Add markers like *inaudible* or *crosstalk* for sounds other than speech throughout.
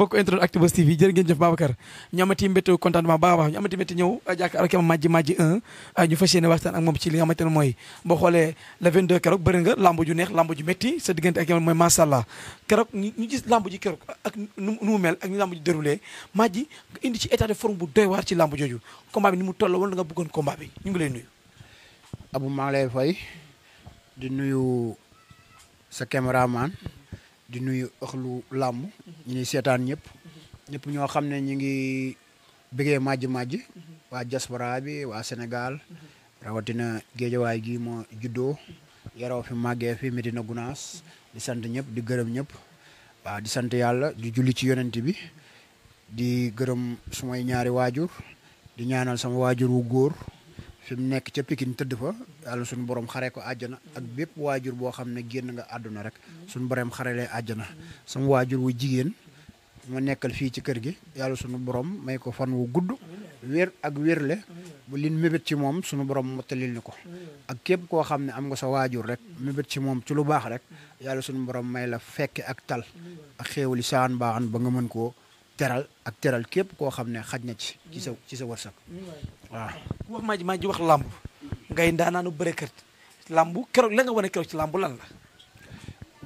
mbokk internet Actubuzz TV jërë ngeen jëf Babacar ñu amati mbéttu contentement baax a baax ñu amati mbéttu ñëw jàkkaarloo ak Madji Madji 1 euh, ñu fas moom ci li nga xamante ne mooy boo xoolee le 22 keroog bëri nga lamb ju neex lamb ju métti sa diggante ak yow mooy masàllaa keroog ñu gis lamb ji keroog ak nu mu mel ak ni lamb ji déroulé Madji indi ci état de forme bu doy waar ci lamb jooju combat bi mu toll wala nga bëggoon combat bi ñu ngi lay nuyu Abou maa ngi lay fay di nuyu sa caméraman di nuyu lu làmb ñu seetaan ñëpp ñëpp ñoo xam ne ñu ngi bëggee màjj màjj waa diaspora bi waa Sénégal rawatina géejawaay gi ma juddoo yaroo fi màggee fi Medina Gunaas di sant ñëpp di gërëm ñëpp waaw di sant yàlla di julli ci yonent bi di gërëm sumay ñaari waajur di ñaanal sama waajur wu góor fi mu nekk ca Pikine tëdd fa yàlla suñu borom xaree ko àjjana ak bépp waajur boo xam ne génn nga àdduna rek suñu borom xarelee àjjana sama waajur wu jigéen ma nekkal fii ci kër gi yàlla suñu boroom may ko fan wu gudd wér ak wérle bu lin mébét ci moom suñu borom mottalil ni ko ak képp koo xam ne am nga sa waajur rek mébét ci moom ci lu baax rek yàlla suñu borom may la fekke ak tal ak xéewali saan baaxan ba nga mën koo teral ak teral képp koo xam ne xaj na ci ci ci sa wërsëg waaw wax maa ji maa ji wax làmb ngay ndaanaanu bërekat làmb keroog la nga wane keroog ci làmb lan la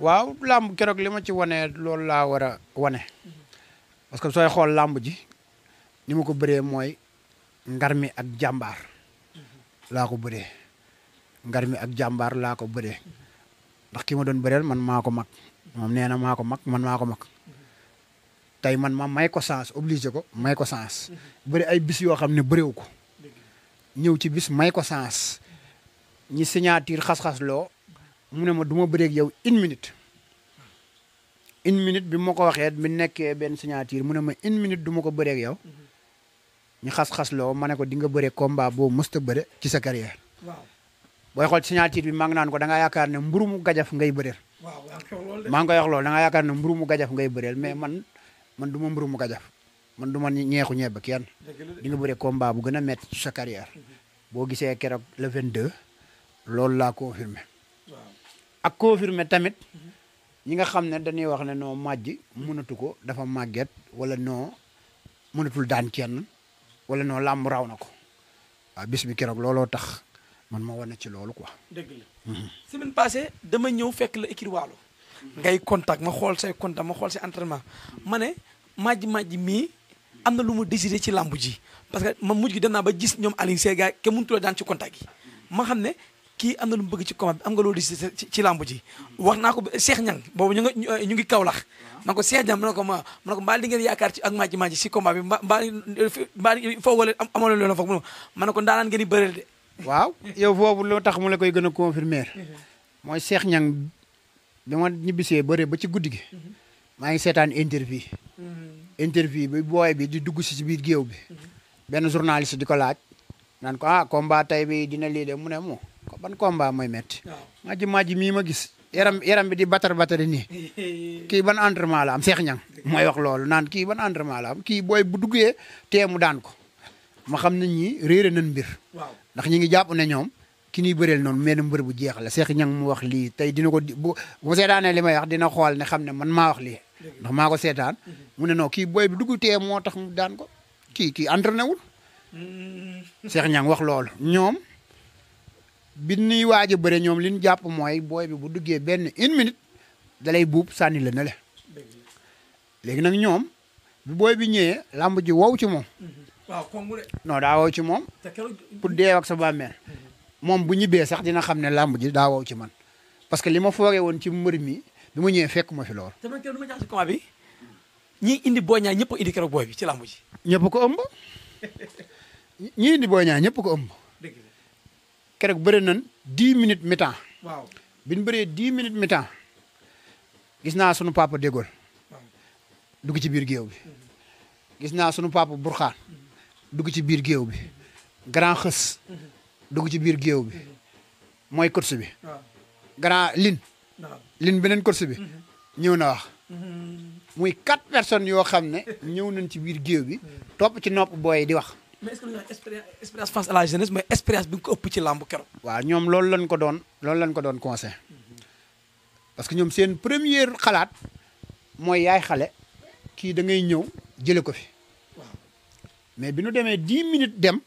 waaw làmb keroog li ma ci wane loolu laa war a wane parce que sooy xool làmb ji ni ma ko bëree mooy ngar mi ak jàmbaar laa ko bëree ngar mi ak jàmbaar laa ko bëree ndax ki ma doon bëreel man maa ko mag moom nee na maa ko mag man maa ko mag tey man ma may ko sens obligé ko may ko sens bëri ay bis yoo xam ne bëriwu ko ñëw ci bis may ko sens ñi signature xas-xas loo mu ne ma duma ma bëreeg yow une minute une minute bi ma ko waxee mi nekkee benn signature mu ne ma une minute du ko bëreeg yow ñu xas-xas loo ma ne ko di nga bëree combat boobu mësta bëre ci sa carrière waaw booy xool signature bi maa ngi naan ko da ngaa yaakaar ne mburu mu gajaf ngay bëreel maa ngi koy wax loolu da yaakaar ne mburu gajaf ngay bëreel mais man man ma mburu mu gajaf man du ma ñeexu ba kenn di nga bëre combat bu gën a métti ci sa carrière mhm. boo gisee keroog le 22 loolu laa firme ak confirmé tamit mhm. ñi nga xam ne dañuy wax ne noo màjj mënatu ko dafa màgget wala noo mënatul daan kenn wala non làmb raw na ko waaw bis bi keroog looloo tax man ma wane ci loolu quoi. dëgg la mhm. semaine dama ñëw fekk la écrit waalo ngay contact ma xool say contact ma xool say ma ne màjj màjj mii. am na lu mu décidé ci làmb ji parce que ma mujj gi dem naa ba gis ñoom Alioune Seye gars ke mënutu la daan ci contact yi ma xam ne kii am na lu mu bëgg ci combat bi am nga loo décidé ci làmb ji wax naa ko Cheikh Niang boobu ñu ngi ñu ngi Kaolack man ko Cheikh Niang mu ne ko ma mu ne ak maaji maaji si combat bi mbaa mbaa foo wala ma ne ko ndaanaan ngeen di bëreel waaw yow foofu loo tax mu la koy gën a confirmer mooy Cheikh Niang bi ma ñibbisee bëre ba ci guddi gi mhm. maa ngi seetaan interview mhm. interview bi booy bi di dugg si si biir géew bi. benn journaliste di ko laaj. nan ko ah combat tey bi dina lii de mu ne mu ban combat mooy métti. waaw ji maa mii ma gis. yaram yaram bi di batar batari ni *laughs* kii ban entraînement la am Cheikh Niang mooy wax loolu naan kii ban entraînement la am kii booy bu duggee tee mu daan ko. ma xam ne ñii réere nañ mbir. waaw ndax ñi ngi jàpp ne ñoom. ki ñuy bëreel noonu mel mbër bu jeex la Cheikh Niang mu wax lii tey dina ko bu bu seetaanee li may wax dina xool ne xam ne man maa wax lii. ndax maa ko seetaan mu ne non kii booy bi dugg tee moo tax mu daan ko kii kii entraîné wul mm. Cheikh Niang wax loolu ñoom bi nuy waaj a bëre ñoom li ñu jàpp mooy booy bi bu duggee benn une minute dalay buub sànni la ne le léegi nag ñoom bu booy bi ñëwee làmb ji wow ci moom mm-hmm. waaw comme non daa wow ci moom pour dee ak sa bàmmeel mm-hmm. moom bu ñibbee sax dina xam ne làmb ji daa wow ci man parce que li ma foogee woon ci mbër mi bi ma ñëwee fekk ma fi lool. te man kenn du ma bi ñi indi Boy ñëpp indi bi ci làmb ji. ñëpp ko ëmb ñi indi Boy Niang ñëpp ko ëmb. dëgg la keroog bëri nañ bi ñu bëree dix minutes gis naa sunu papa Dégol dugg ci biir géew bi. gis naa sunu papa Burxaan dugg ci biir géew bi. grand xës dugg ci biir géew bi mooy course bi. grand lin. lin beneen course mhm. ñëw na wax mhm. muy quatre personnes yoo xam ne ñëw nañ ci biir géew bi mhm. topp ci nopp booy di wax mais est-ce que lu expérience face bi ko ëpp ci làmb keroog waaw ñoom lool lañ ko doon loolu lañ ko doon conseil parce que ñoom seen première xalaat mooy yaay xale kii da ngay ñëw jële ko fi mais bi nu demee dix minutes dem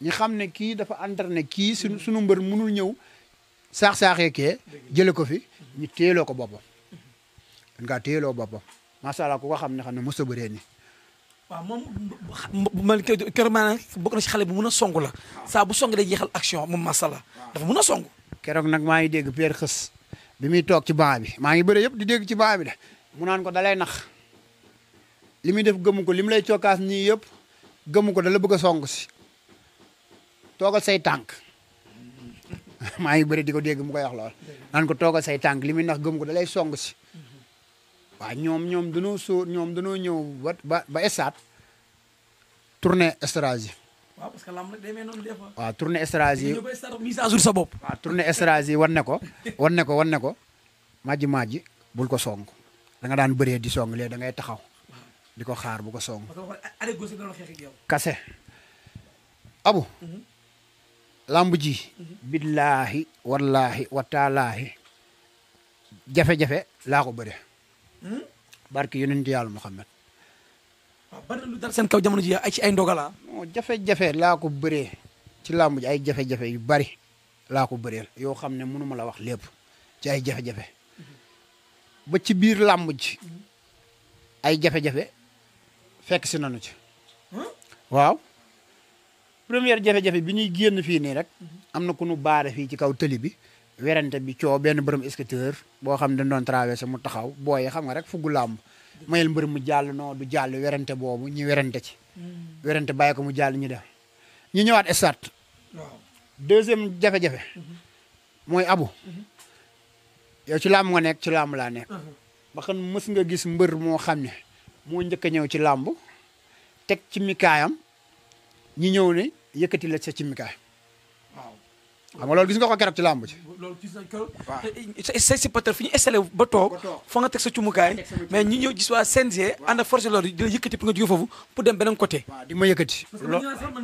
ñu xam ne kii dafa entraîné kii su suñu mbër mënul ñëw saax-saaxee kee jële ko fi ñu téyeloo ko boppam. dañ kaa téyeloo boppam macha allah ku xam ne xam ne mos a bëree nii. waaw moom man keroog maanaam bokk xale bu mun a song la saa bu song day jeexal action moom macha allah dafa mun a song. keroog nag maa ngi dégg Père Xës bi muy toog ci baa bi maa ngi bëre yëpp di dégg ci baa bi de mu naan ko dalay nax li muy def gëmu ko li mu lay nii yëpp gëmu ko dala bëgg a song si toogal say tànk. *laughs* maa ngi bëri di ko dégg mu ko wax lool naan say tànk li muy ndax gëm ko da lay song si waaw ñoom ñoom danoo sóor ñoom ñëw ba ba que lamb nag day sa bopp waaw tournée stratégie wan wan ko wan ne ko majji majji bul ko song da daan bëree di song léegi da ngay taxaw di ko xaar bu ko song kase abu mhm. lamb ji billaahi wallaahi wataalaahi jafe-jafe laa ko bëre hmm? barke yonent yàlla Muhammad waaw bari lu dal seen kaw jamono ji ay ci ay ah. jafe-jafe laa ko bëree ci lamb ji ay jafe-jafe yu bari laa ko bëreel yoo xam ne mënuma la wax lépp ci ay jafe-jafe ba ci biir làmb ji hmm? ay jafe-jafe fekk si nañu ci hmm? waaw première jafe-jafe bi ñuy génn fii nii rek am na ku nu baare fii ci kaw tëli bi werante bi coow benn borom scooter boo xam dañ doon traversé mu taxaw booyee xam nga rek fuggu làmb mayel mbër mu jàll noo du jàll werante boobu ñu werante ci mm. werante bàyyi ko mu jàll ñu def ñu ñëwaat stade deuxième jafe-jafe mm-hmm. mooy abu mm-hmm. yow ci làmb nga nekk ci làmb laa nekk mm-hmm. ba xam mës nga gis mbër moo xam ne moo njëkk a ñëw ci làmb teg ci mikaayam ñi ñëw ne yëkkati la sa ci mikaay waaw xam nga loolu gis nga ko keroog ci làmb ci loolu gis fi ñu installé ba toog fa nga teg sa cumukaay mais ñu ñëw gis waa CNG ànd ak forcé loolu di yëkkati pour nga jóge foofu pour dem beneen côté di ma yëkkati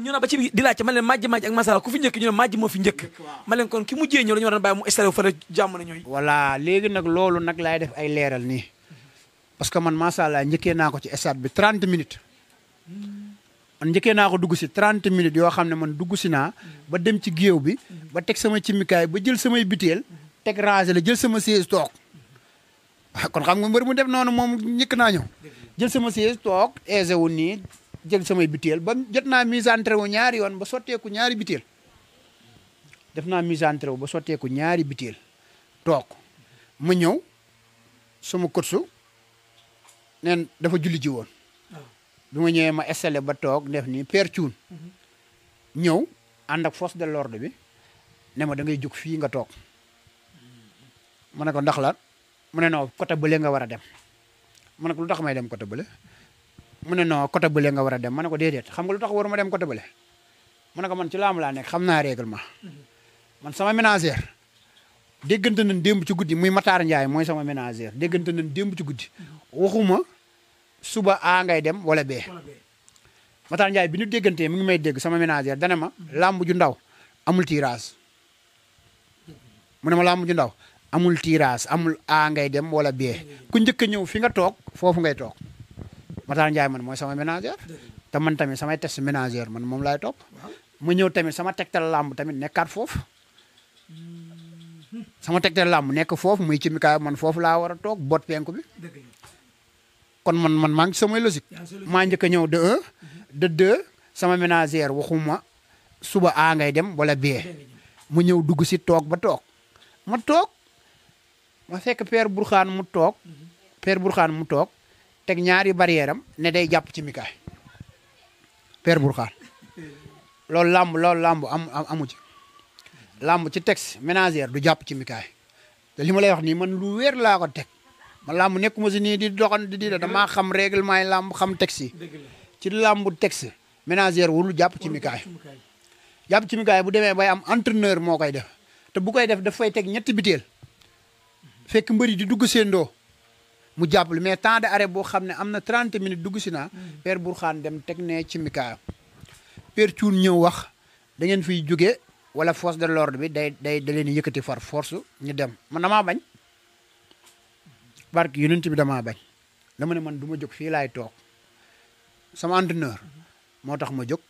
ñu na ba ci di laajte ma leen majji majji ak masala ku fi njëkk ñu ne majji moo fi njëkk ma leen kon ki mujjee ñëw la ñu war a bàyyi mu installé fa la jàmm na ñooy voilà léegi nag loolu nag laay def ay leeral nii parce que man masala njëkkee naa ko ci stade bi 30 minutes hmm. man njëkkee naa ko dugg si 30 minutes yoo xam ne man dugg si naa mhm. ba dem ci géew bi mhm. ba teg sama cimikaay ba jël samay biteel mhm. teg rangé la jël sama siège toog kon xam nga mbër mu def noonu moom ñëkk naa ñëw jël sama siège toog aisé wu nii jël samay biteel ba jot naa mise en wu ñaari yoon ba sotteeku ñaari biteel def naa mise en wu ba sotteeku ñaari biteel toog ma ñëw sama kotsu neen dafa julli ji woon bi ma ñëwee ma installé ba toog def ni Père Thioune ñëw ànd ak force de l'ordre bi ne ma da ngay jug fii nga toog ma ne ko ndax la mu ne non côté bële nga wara a dem ma ne ko lu tax may dem côté bële mu ne non côté bële nga war a dem ma ne ko déedéet xam nga lu tax waruma dem côté bële mu ne ko man ci laamu laa nekk xam naa règlement man sama ménagère déggante nañ démb ci guddi muy Matar Ndiaye mooy sama ménagère déggante nañ démb ci guddi waxuma suba a ngay dem wala bee Matar Ndiaye bi ñu déggantee mu ngi may dégg sama ménagère dana ma làmb ju ndaw amul tirage mu ne ma ju ndaw amul tirage amul a dem wala bee ku njëkk a ñëw fi nga toog foofu ngay toog Matar Ndiaye man mooy sama ménagère te man tamit sama test ménagère man moom laay topp mu ñëw tamit sama tegtal làmb tamit nekkaat foofu sama tegtal làmb nekk foofu muy ci mi kaay man foofu laa war a toog boot penku bi kon man man maa ngi samay logique maa njëkk a ñëw dë un mhm. de deux sama ménagère waxuma suba a ngay dem wala bee mu ñëw dugg si toog ba toog ma toog ma fekk père Bourkhane mu toog mhm. père Bourkhane mu toog teg ñaari barrière am ne day jàpp ci mikaay père Bourkhane *laughs* loolu làmb loolu làmb am amu ci làmb ci texte ménagère du jàpp ci mikaay te li ma lay wax nii man lu weer laa ko teg ma làmb nekkuma si nii di doxan di da damaa xam règlement yi làmb xam taxi ci làmbu taxi ménagère wul jàpp ci mikaay jàpp ci mikaay bu demee bay am entraîneur moo koy def te bu koy def daf fay teg ñetti biteel fekk mbëri di dugg seen doo mu jàppale mais temps de arrêt boo xam ne am na 30 minutes dugg si naa hmm. père xaan dem teg ne ci mikaayam père Thioune ñëw wax da ngeen fiy jóge wala force de l'ordre bi day day da leen yëkkati far force ñu dem man maa bañ barke yonent bi damaa bañ dama ne man duma ma jóg fii laay toog sama entraîneur moo tax ma jóg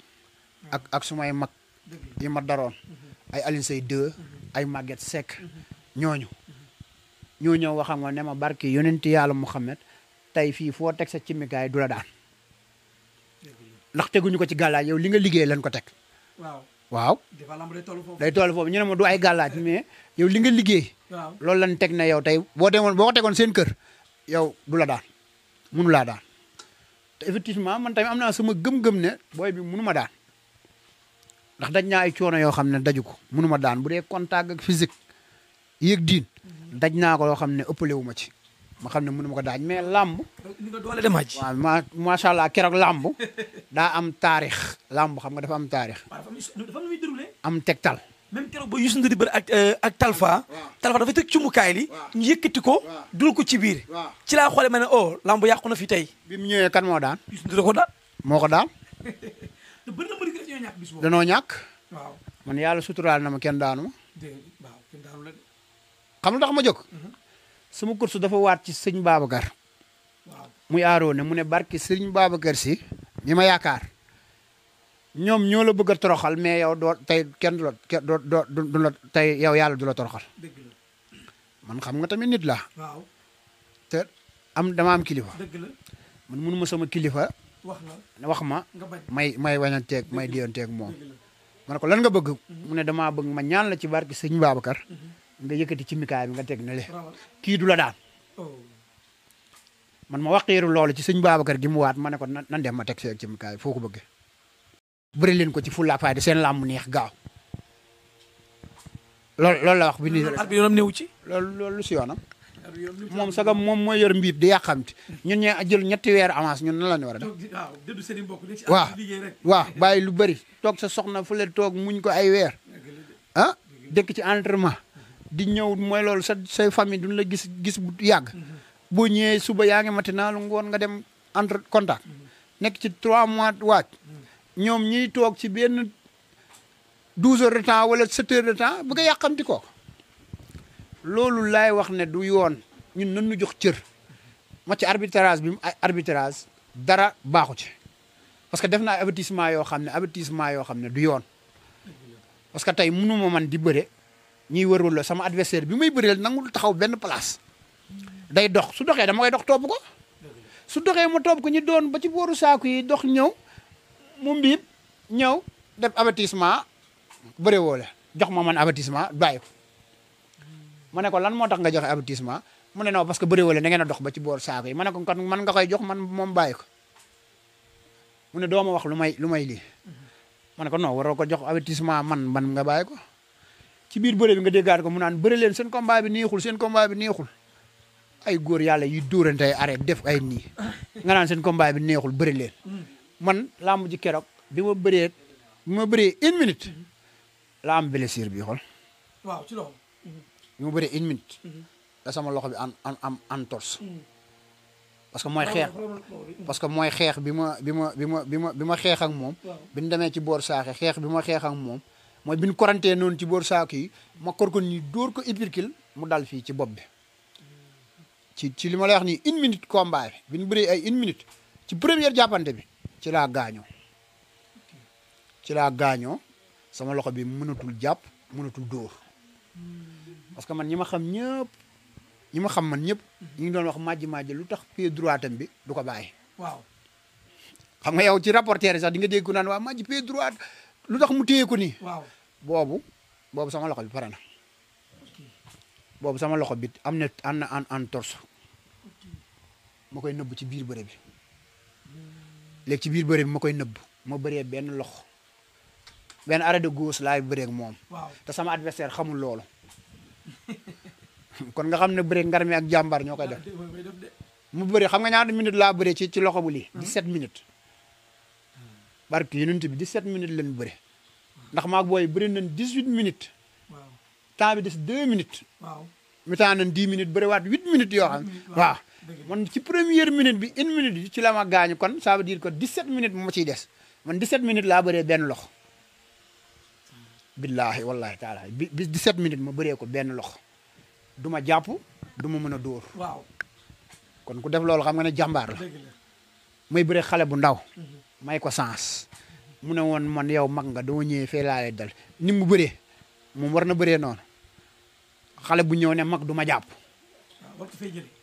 ak sumay mag yi ma daroon ay Alioune Seye 2 ay Maguette Seck ñooñu ñoo ñëw waxam nga ne ma barke yonent yàlla Muhammad tey fii foo teg sa cimikaay du la daan ndax teguñu ko ci gàllaay yow li nga liggéey lañ ko teg waaw day toll foofu ñu ne ma du ay gàllaaj mais yow linge nga liggéey loolu lan teg na yow tey boo tegoon boo ko tegoon seen kër yow du la daan munu laa daan te effectivement man tamit am naa sama gëm-gëm ne booy bi munu ma daan ndax daj naa ay coono yoo xam ne daju ko munu ma daan bu de contact ak physique yëg diin mhm. daj naa ko yoo xam ne ëppale wu ma ci ma xam ne mënu ma ko daaj mais lamb li nga doole dem aaj. waaw ma allah keroog làmb daa am taarix. làmb xam nga dafa am taarix. dafa am lu muy déroulé. am tegtal. même keroog ba Youssou Ndour euh, dafa teg cumukaay li. ñu yëkkati ko. dul ko ci biir. ci laa xoolee ma ne oh làmb yàqu na fi tey. bi mu daan. ko daan. moo ko daan. *laughs* te bëri ñàkk bis man yàlla suturaal na ma kenn daanu ma. waaw kenn tax ma jóg. Mhm. sama kursu dafa waat ci sëñ Babacar muy aaroo ne mu ne barki sëñ Babacar si mi ma yaakaar ñoom ñoo la bëgg a toroxal mais yow doo tey kenn du la doo doo du la yow yàlla du la toroxal man xam nga tamit nit la te am dama am kilifa man mënu ma sama kilifa wax ma may may wañanteeg may diyanteeg moom ma ne ko lan nga bëgg mu ne damaa bëgg ma ñaan la ci barki sëñ Babacar mhm. nga yëkkati ci mikaay bi nga teg na kii du la daan oh. man ma waqiiru loolu ci sëñ Babacar gi mu waat ma ne ko nan dem ma teg see ci mikaay foo ko bëggee bëri leen ko ci fulla fayda seen làmb neex gaaw loolu la wax bi ni ar ci loolu loolu lu si yoonam moom saga moom mooy yor mbiib di yàqamti ñun ñee jël ñetti weer avance ñun na la ñu war a waa waaw waaw bàyyi lu bëri toog sa soxna fu toog muñ ko ay weer ah dëkk ci entraînement di ñëw mooy loolu sa say famille duñ la gis gis bu yàgg. boo ñëwee suba yaa ngi matinalu ngoon nga dem entre contact. nekk ci trois mois waaj. ñoom ñiy toog ci benn douze heures de temps wala sept heures de temps bëgg a yàqamti ko. loolu laay wax ne du yoon ñun nan nu jox cër. ma ci arbitrage bi arbitrage dara baaxu ci. parce que def naa avertissement yoo xam ne avertissement yoo xam ne du yoon. parce que tey mënu ma man di bëre ñuy wër wër sama adversaire bi muy bëreel nangul taxaw benn place day dox su doxee dama koy dox topp ko su doxee ma topp ko ñu doon ba ci booru saaku yi dox ñëw mu mbiib ñëw def avertissement bëre woo la jox ma man avertissement bàyyi ko ma ne ko lan moo tax nga joxe avertissement mu ne non parce que bëre woo la da ngeen a dox ba ci booru saaku yi ma ko kon man nga koy jox man moom bàyyi ko mu ne doo ma wax lu may lu may lii ma ne ko non waroo ko jox avertissement man man nga bàyyi ko ci biir bëre bi nga déggaat ko mu naan bëre leen seen combat bi neexul seen combat bi neexul ay góor yàlla yuy dóorante ay arrêt def ay nii nga naan seen combat bi neexul bëre leen man làmb ji keroog bi ma bëree bi ma bëree une minute la am blessure bi xool. waaw ci loxo bi ma bëree une minute. da sama loxo bi an an am entorse. parce que mooy xeex que mooy xeex bi ma bi ma bi ma bi ma xeex ak moom. bi ci boor saaxe xeex bi ma xeex ak moom. mooy bi ñu korantee noonu ci boor saako yi ma kor ko nii dóor ko uppercut mu dal fii ci bopp bi ci ci li ma lay wax nii une minute combat bi bi ñu bëree ay une minute ci première jàppante bi ci laa gaaño ci laa gaañoo sama loxo bi mënatul jàpp mënatul dóor parce que man ñi ma xam ñëpp ñi ma xam man ñëpp ñu ngi doon wax majji majji lu tax pied droitam bi du ko bàyyi. waaw xam nga yow ci rapporteur sax di nga dégg ko naan waa majji pied droit lu tax mu téye nii. waaw boobu boobu sama loxo bi pare na boobu sama loxo bi am na am na en torse ma koy nëbb ci biir bëre bi léegi ci biir bëre bi ma koy nëbb ma bëree benn loxo benn arrêt de gauche laay bëree ak moom. te sama adversaire xamul loolu. *laughs* kon nga xam ne bëre ngarmi ak jàmbaar ñoo koy def ah, mu bëri xam nga ñaata minutes laa bëree ci ci loxo bu lii. 17 ah. minutes. barke yonent bi 17 minutes lañ bëri. ndax maak booy bëri nañ dix huit minutes. waaw bi des deux minutes. waaw mi temps nañ dix minutes bëriwaat huit minutes yoo man ci première minute bi une minute bi ci la ma gaañu kon ça veut dire que dix sept minutes moo ciy des man dix set minutes laa bëree benn loxo. billaahi wallaahi taala bi dis set sept minutes ma bëree ko benn loxo du ma jàpp du ma mën a dóor. waaw kon ku def loolu xam nga ne jàmbaar la. may bëree xale bu ndaw. Mhm. may ko sens. mu ne woon man yow mag nga dama ñëwee fee laale dal ni mu bare moom war na bëree noon xale bu ñëw ne mag du ma jàpp. Ah,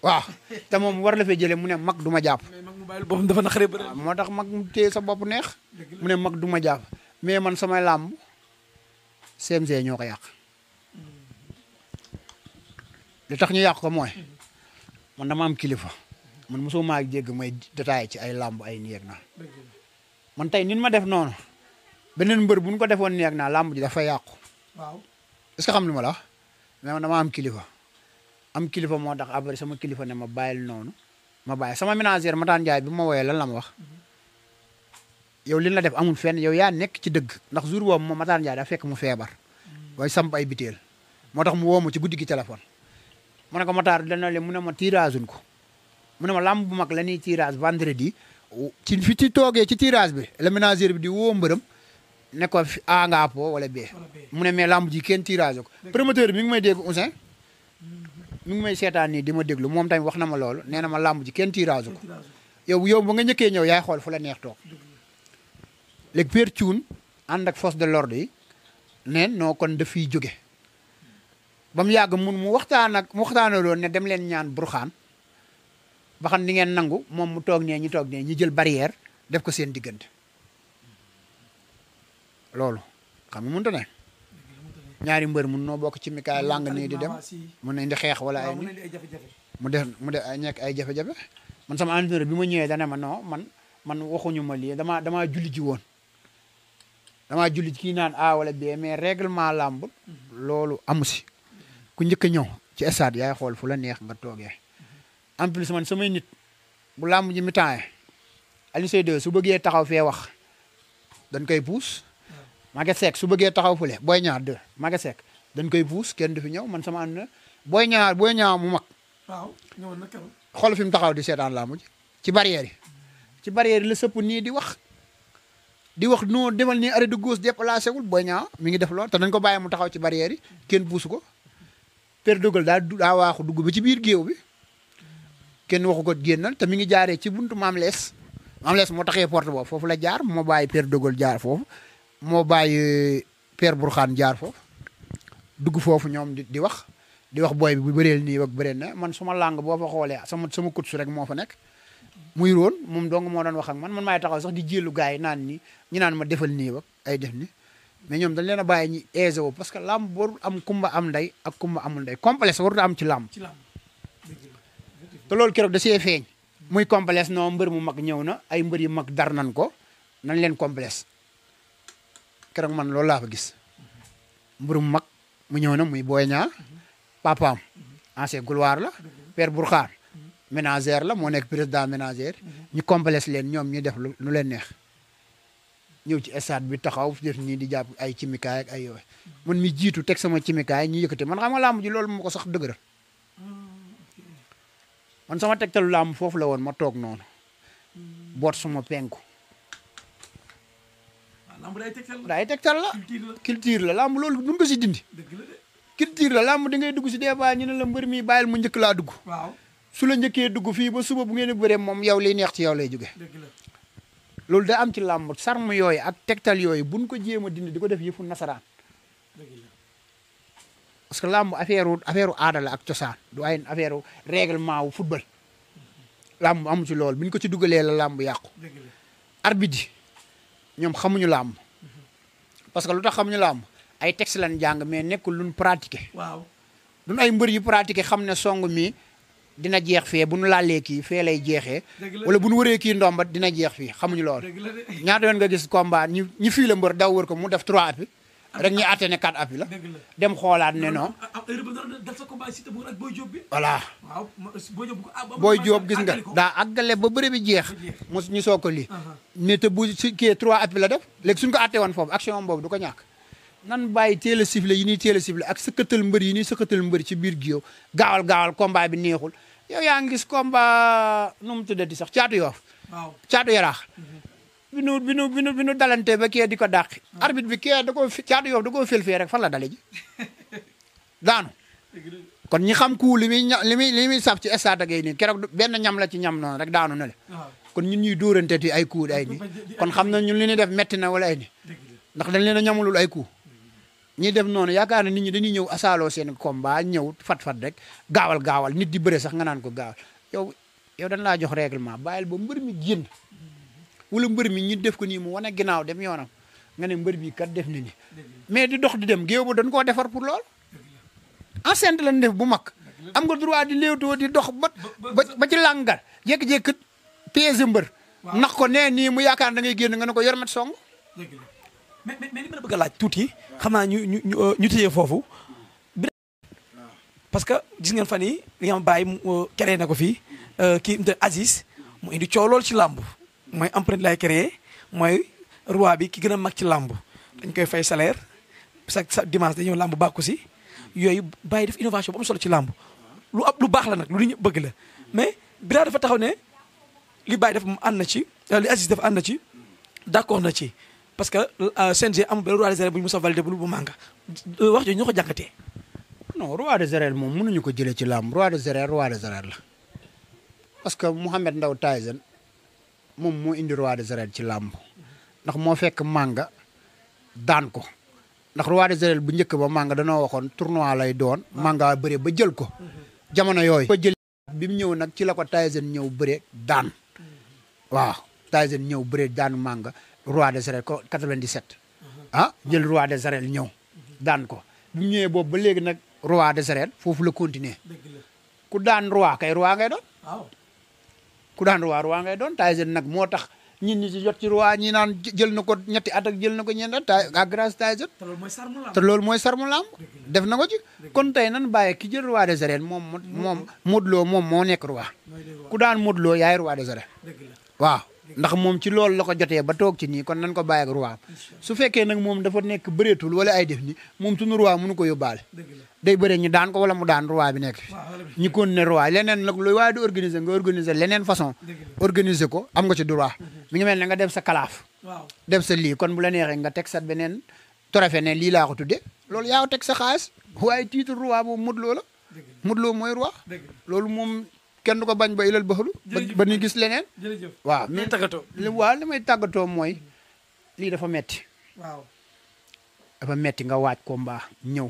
waaw te moom war la fee jëlee mu ne mag du ma jàpp. moo tax mag mu téye sa bopp neex. mu ne mag du jàpp mais man samay làmb CMG ñoo ko yàq. li tax ñu yàq ko mooy man dama am kilifa man mosoo maa jégg may détaillé ci ay làmb ay niir na man tey nin ma def noonu beneen mbër bu ko defoon neeg naa làmb ji dafa yàqu. waaw est-ce ma la wax am kilifa am kilifa moo tax après sama kilifa ne ma bàyyil noonu ma bàyyi sama ménagère Mataan Ndiaye bi ma woowee lan la wax. Mhm. yow li la amul fenn yow yaa nekk ci dëgg ndax jour boobu moom Mataan Ndiaye fekk mu feebar. Mhm. waaye samp ay biteel moo tax mu woo ci guddi gi téléphone. mu ne ko Matar dana le mu ne ma tirage ko mu ne ma làmb bu mag la nii tirage vendredi. ci fi ci toogee ci tirage bi la manager bi di woo mbërëm ne ko A nga po wala B. mu ne mais lamb ji kenn tirage ko. promoteur bi mi ngi may dégg Ousseyn mhm. mi ngi may seetaan nii di ma déglu moom tamit wax na ma loolu nee na ma lamb ji kenn tirage ko. yow yow ba nga njëkkee ñëw yaay xool fu la neex toog léegi Père Thioune ànd ak force de l'ordre yi ne noo kon dafiy jóge ba mu yàgg mun mu waxtaan ak mu waxtaanaloon ne dem leen ñaan Burxaan. ba xam ni ngeen nangu moom mu toog nee ñu toog nee ñu jël barrière def ko seen diggante loolu xam nga mënta ne ñaari mbër mun noo bokk ci mi kaay làng nii di dem mun na indi xeex wala ay mu de mu def ay ay jafe-jafe man sama entraîneur bi ma ñëwee dana ma non man man waxuñu ma lii damaa damaa julli ji woon dama julli ki kii naan a wala b mais règlement làmb loolu amu si ku njëkk ñëw ci stade yaay xool fu la neex nga toogee en plus man samay nit bu làmb ji mi-temps Aliou Seye 2 su bëggee taxaw fee wax dañ koy puus. Maguette Seck su bëggee taxaw fule booy ñaar 2 Maguette Seck dañ koy puus kenn du fi ñëw man sama ànd na Boy ñaar Boy Niang mu mag. waaw ñëwoon na xool fi mu taxaw di seetaan làmb ji ci barrière yi. ci barrière yi la sëpp nii di wax. di wax nu demal nii arrêt de gauche déplacé wul Boy Niang mi ngi def lool te dañ ko bàyyi mu taxaw ci barrière yi kenn puusu ko. per dugal daa daa waaxu dugg ba ci biir géew bi. kenn waxu ko génnal te mi ngi jaaree ci buntu maam lees maam lees moo taxe port boobu foofu la jaar moo bàyyi Père de jaar foofu moo bàyyi Père Bourkhane jaar foofu dugg foofu ñoom di wax di wax booy bi bu bëreel nii ak bëreel na man suma langue boo fa xoolee sama sama kutsu rek moo fa nekk muy roon moom dong moo doon wax ak man man maay taxaw sax di jéelu gars yi naan ni ñu naan ma defal nii ak ay def ni mais ñoom dañ leen a bàyyi ñi aisé parce que làmb warul am kumba am ndey ak kumba amul ndey complexe warul am ci làmb te loolu keroog da see feeñ muy complexe non mbër mu mag ñëw na ay mbër yu mag dar nan ko nañ leen complexe keroog man loolu laa fa gis mbër mu mag mu ñëw na muy Boy Niang papaam ancien gloire la père Bourkhane ménagère la moo nekk président ménagère ñu complexe leen ñoom ñu def lu leen neex ñëw ci stade bi taxaw def nii di jàpp ay cimikaay ak ay yooyu man mi jiitu teg sama cimikaay ñu yëkkate man xam nga laa mujj loolu moo ko sax dëgëral man sama tegtalu làmb foofu la woon ma toog noonu hmm. boot suma penku. Ah, làmb day tegtal la day tegtal la. culture la làmb loolu duñ ko si dindi. culture la làmb da ngay dugg si des fois ñu ne la mbër mi bàyyil mu njëkk laa dugg. waaw su la njëkkee dugg fii ba suba bu ngeen bëree moom yow liy neex ci yow lay jóge loolu da am ci làmb sarm yooyu ak tektal yooyu buñ ko jéem a dindi di ko def yëfu nasaraan. parce que làmb affaire affaire aada la ak cosaan du ay affaire règlement wu football làmb amu ci loolu bi ñu ko ci dugalee la làmb yàqu. arbitre yi ñoom xamuñu làmb parce que lu tax xamuñu làmb ay texte lañ jàng mais nekkul luñ pratiqué. waaw duñ ay mbër yu pratiqué xam ne song mi dina jeex fii bu nu laalee kii fee lay jeexee. wala bu nu wëree kii ndomba dina jeex fii xamuñu loolu. ñaata yoon nga gis combat ñu ñu fii la mbër daw wër ko mu def trois appuis. rek ñu àtte ne quatre appuis la. dem xoolaat ne non. Ah, ah, voilà. booy ah, Diop gis nga daa àggale ba bëri bi jeex. mos ñu soog ko lii. mais te bu si kii trois appuis la def. léegi suñ ko àtte woon foofu action am boobu du ko ñàkk. nan bàyyi teel a sifflé yi ñuy teel a ak sëkkatal mbër yi ñuy sëkkatal mbër ci biir géew gaawal gaawal combat bi neexul yow yaa ngi gis combat nu mu tuddati sax caatu yoof. waaw caatu yaraax. Mhm. bi nu bi nu bi nu bi nu dalante ba kii di ko dàqi. arbitre bi kii da koo caatu yow da koo filfee rek fan la dale ji *laughs* daanu. kon ñi xam ku li muy ña li muy li muy saf ci stade gay nii keroog benn ñam la ci ñam noonu rek daanu na le ah. kon ñun ñuy dóorante ti ay coup ay ni kon xam na ñun li def metti na wala ay ni ndax dañ leen a ñamulul ay coup ñi def noonu yaakaar na nit ñi dañuy ñëw asaaloo seen combat ñëw fat-fat rek gaawal gaawal nit di bëre sax nga naan ko gaawal yow yow dañ laa jox règlement bàyyil ba mbër mi génn wala mbër mi ñu def ko nii mu wane ginnaaw dem yoonam nga ne mbër bi kat def ni ni mais di dox di dem géew ba dañ koo defar pour lool enceinte lañ def bu mag am nga droit di léewtoo di dox ba ba ci làngal jékki-jékki peese mbër nax ko nee nii mu yaakaar da ngay génn nga ne ko yormet song mais bëgg laaj tuuti xam naa ñu ñu ñu tëjee foofu parce que gis ngeen fan yi li nga xam bàyyi euh, na ko fii euh, kii Aziz mu indi coow lool ci làmb mooy empreinte lay créer mooy roi bi ki gën a mag ci làmb dañ koy fay salaire chaque dimanche dañu ñëw làmb bàkku si yooyu bàyyi def innovation bu am solo ci làmb lu ab lu baax lana nag lu ñu bëgg la mais Bira dafa taxaw ne li bàyyi def ànd na ci euh, li Aziz def ànd na ci d'accord na ci parce que euh, CNG am benn roi des arènes bu mu mos bu bu euh, wax jooju ñu ko jàngatee. non roi des arènes moom mënuñu ko jëlee ci làmb roi des arènes roi des arènes la parce que Mouhamed Ndao Tyson moom moo indi roi des arènes ci làmb ndax moo fekk manga daan ko ndax roi des arènes bu njëkk ba mànga danoo waxoon tournoi lay doon mànga bëre ba jël ko jamono yooyu ba jël bi mu ñëw nag ci la ko Tyson ñëw bëre daan waaw Tyson ñëw bëre daan mànga roi ko 97 ah jël roi des arènes ñëw daan ko bu ñëwee boobu ba léegi nag roi des arènes foofu la continuer ku daan roi kay roi ngay doon ku daan ruwaa ruwaa ngay doon Tyson nag moo tax ñit ñi ci jot ci ruwaa ñi naan jël na ko ñetti at ak jël na ko ñeent at à grâce Tyson te loolu mooy sarmu lamb def na ko ci kon tey nan bàyyi ki jël roi des arènes moom moom Modou Lo moom moo nekk roi ku daan Modou Lo yaay roi des arènes waaw ndax moom ci loolu la ko jotee ba toog ci nii kon nan ko bàyyi ak ruwaam su fekkee nag moom dafa nekk bëreetul wala ay def ni moom suñu ruwaa mënu ko yóbbaale day bëree ñu daan ko wala mu daan ruwaa bi nekk fi kon ne ruwaa leneen nag lu waaye di organiser nga organiser leneen façon organiser ko am nga ci droit mhm. mi ngi mel ne nga def sa kalaaf def sa lii kon bu la neexee nga teg sa beneen trophée ne lii laa ko tudde loolu yaa ko teg sa xaalis waaye titre ruwaa boobu loo la mudloo mooy ruwaa loolu moom kenn du ko bañ ba ilal baxalu ba ñu gis leneen waaw mais tàggatoo waaw li may tàggatoo mooy lii dafa metti waaw dafa metti nga waaj komba ñëw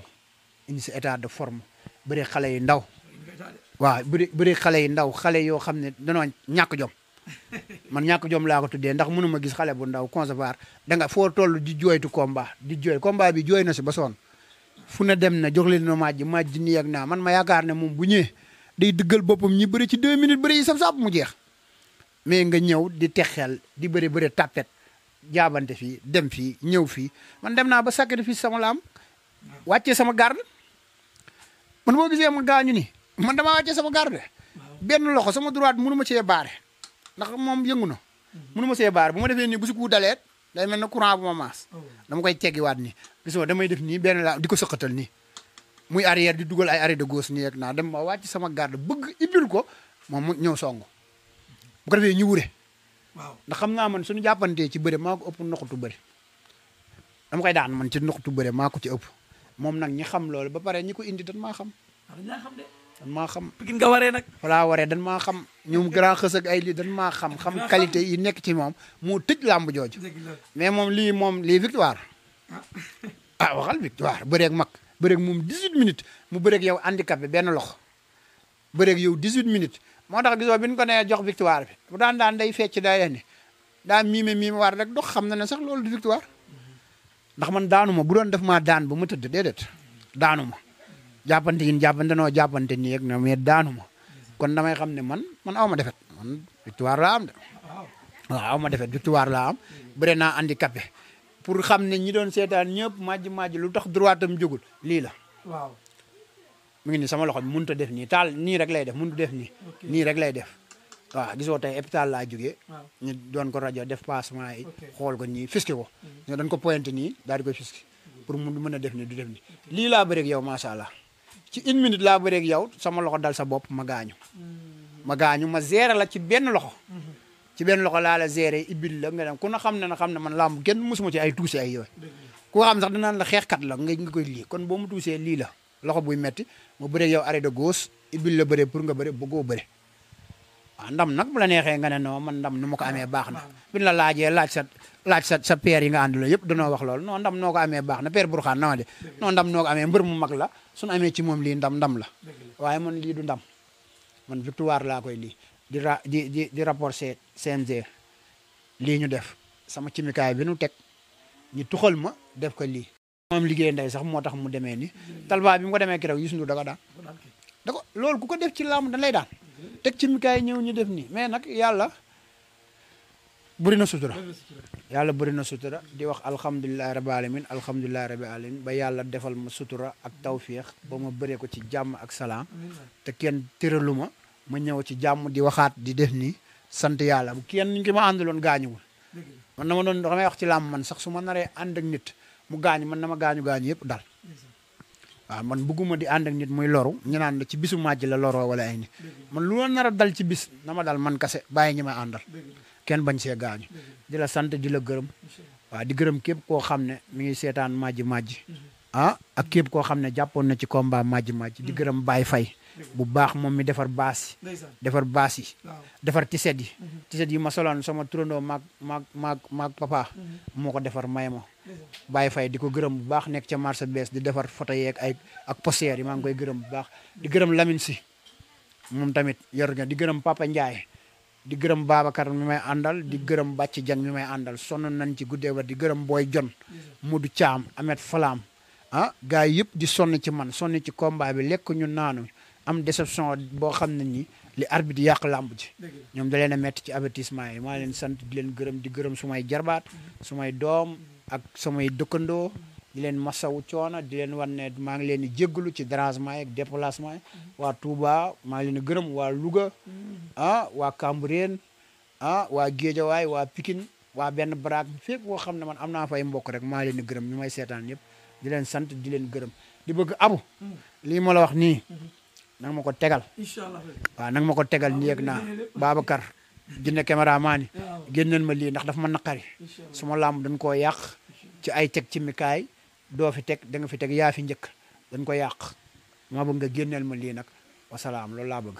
indi sa état de forme bari xale yu ndaw waaw bëri bëri xale yu ndaw xale yoo xam ne danoo ñàkk jom man ñàkk jom laa ko tuddee ndax mënuma gis xale bu ndaw conservar da nga foo toll di jooytu komba di jooy combat bi jooy na si ba soon fu ne dem na jox leen na maaj ji maaj ji nii ak naa man ma yaakaar ne moom bu ñëwee day dëggal boppam ñi bëri ci deux minutes bëri yi sab-sab mu jeex mais nga ñëw di texel di bëri bëri tapet jaabante fii dem fi ñëw fii man dem naa ba sacrifice sama laam wàccee sama garde man boo gisee ma gaañu ni man damaa wàccee sama garde benn loxo sama droite mënu ma cee baare ndax moom yëngu na mënu ma cee baare bu ma defee nii bu si ku daleet day mel na courant bu ma maas oh. dama koy teggiwaat nii gis nga damay def nii benn laa di ko sëqatal nii muy arrière di dugal ay arrêt de gauche nii ak naa dem ma wàcc sama garde bëgg ibbil ko moom mu ñëw song bu ko wure. waaw ndax xam naa man suñu jàppantee ci bëre maa ko ëpp noxutu bëre dama koy daan man ci noxutu bëre maa ko ci ëpp moom nag ñi xam loolu ba paree ñi ko indi dan maa xam. Ah, dan maa xam pikin nga waree nag. voilà waree dan maa xam ñoom grand xës ak ay lii dan maa xam xam yi nekk ci moom moo tëj làmb jooju. mais moom lii moom lii victoire. ah, *laughs* ah waxal victoire bëreeg mag. bëreeg moom 18 minutes mu bëreeg yow handicapé benn loxo bëreeg yow 18 minutes moo tax gisoo bi ñu ko nee jox victoire bi bu daan daan day fecc daa leen daa miime miime waar rek dox xam na ne sax loolu du victoire ndax man daanu ma bu doon def maa daan ba ma tëdd déedéet daanu ma jàppante yi jàppante noo jàppante nii rek na mais daanu ma kon damay xam ne man man aw ma defet man victoire laa am de waaw aw ma defet victoire laa am bëre naa handicapé pour xam ne ñi doon seetaan ñëpp màjj màjj lu tax droitam jógul lii la. waaw mu ngi ni sama loxo bi mënut def nii taal nii rek lay def mënut def nii. nii rek lay def. waaw gisoo tey hôpital laa jógee. ñu doon ko rajo def passement yi. xool ko nii fiske ko. Mm. ñu doon ko pointé nii daal di koy mun mm. pour mu mën a def nii du def nii. lii laa bëreeg yow macha allah ci une minute laa bareek yow sama loxo dal sa bopp ma gaañu. Mm. ma gaañu ma zeere la ci benn loxo. Mm-hmm. ci benn loxo laa la géré ibil la nga dem ku na xam ne na xam ne man làmb kenn mosuma ci ay tuuse ay yooyu ku xam sax danaan la kat la nga nga koy lii kon boo mu tuusee lii la loxo buy metti mu bëre yow arrêt de gauche ibil la bëre pour nga bëre bëggoo bëre waaw ndam nag bu la neexee nga ne noo man ndam nu ma ko amee baax na bin la laajee laaj sa laaj sa sa père yi nga ànduloo yëpp danoo wax loolu non ndam noo ko amee baax na père Bourkhane na ma de non ndam noo ko amee mbër mu mag la suñu amee ci moom lii ndam ndam la waaye man lii du ndam man victoire laa koy lii di ra di di di rapport CNG lii ñu def sama cimikaay bi nu teg ñu tuxal ma def ko lii. moom liggéey ndey sax moo tax mu demee ni talba bi mu ko demee keroog Youssou Ndour da ko daan da loolu ku ko def ci laamu dañ lay daan teg cimikaay ñëw ñu def nii mais nag yàlla bëri na sutura. yàlla bëri na sutura di wax alhamdulilah rabi alamin alhamdulilah rabi alamin ba yàlla defal ma sutura ak tawféex ba ma bëree ko ci jàmm ak salaam te kenn tëraluma. ma ñëw ci jàmm di waxaat di def nii sant yàlla bu kenn ki ma àndaloon gaañuwul man na ma doon damay wax ci làmb man sax su ma naree ànd ak nit mu gaañu man na ma gaañu gaañu yëpp dal waaw man bëgguma di ànd ak nit muy loru ñu naan la ci bisu màjj la loroo wala nit man lu nar dal ci bis na ma man kase bàyyi ñi may àndal kenn bañ see gaañu di la sant di la gërëm waaw di gërëm képp koo xam ne mi ngi seetaan màjj màjj ah ak képp koo xam ne jàppoon na ci combat màjj màjj di mm. gërëm bay fay bu baax moom mi defar baas yi defar baas yi defar tiset yi mhm. tiset yi ma solaan sama turandoo maag maag maag maag papa mhm. moo ko defar may ma bàyyi fay di ko gërëm bu baax nekk ca marché bees di defar photo yeeg ay ak poster yi maa ngi koy gërëm bu baax di gërëm Lamine si moom tamit yor na di gërëm Papa Ndiaye di gërëm Babacar mi may àndal di mhm. gërëm Bàcc Jang mi may àndal sonn nañ ci guddee ba di gërëm booy Jon Modou Thiam Ahmed Falaam gaa ah, gars yi yëpp di sonn ci man sonn ci combat lekk ñu am déception boo xam ne nii li arbitre di yàq làmb ji ñoom da leen a métti ci avertissement yi maa leen sant di leen gërëm di gërëm sumay jarbaat mhm. sumay doom ak samay dëkkandoo di leen masawu coono di leen wan ne maa ngi leen di jéggalu ci dérangement yeeg déplacement yi mhm. waa Touba maa ngi leen di gërëm waa Louga mhm. ah waa Cambérène ah waa Guédiawaye waa pikin waa benn baraak fépp boo xam ne man am naa fay mbokk rek maa leen di gërëm ñu may seetaan yëpp di leen sant di leen gërëm nanga ma ko tegal waaw nanga ma ko tegal nii ak naa Babacar jinne caméraman yi génneen ma lii ndax dafa ma naqari suma làmb dañ koo yàq ci ay teg ci mikaay doo fi teg da nga fi teg yaa fi njëkk dañ ko yàq ma bëgg nga génneel ma lii nag wasalaam loolu laa bëgg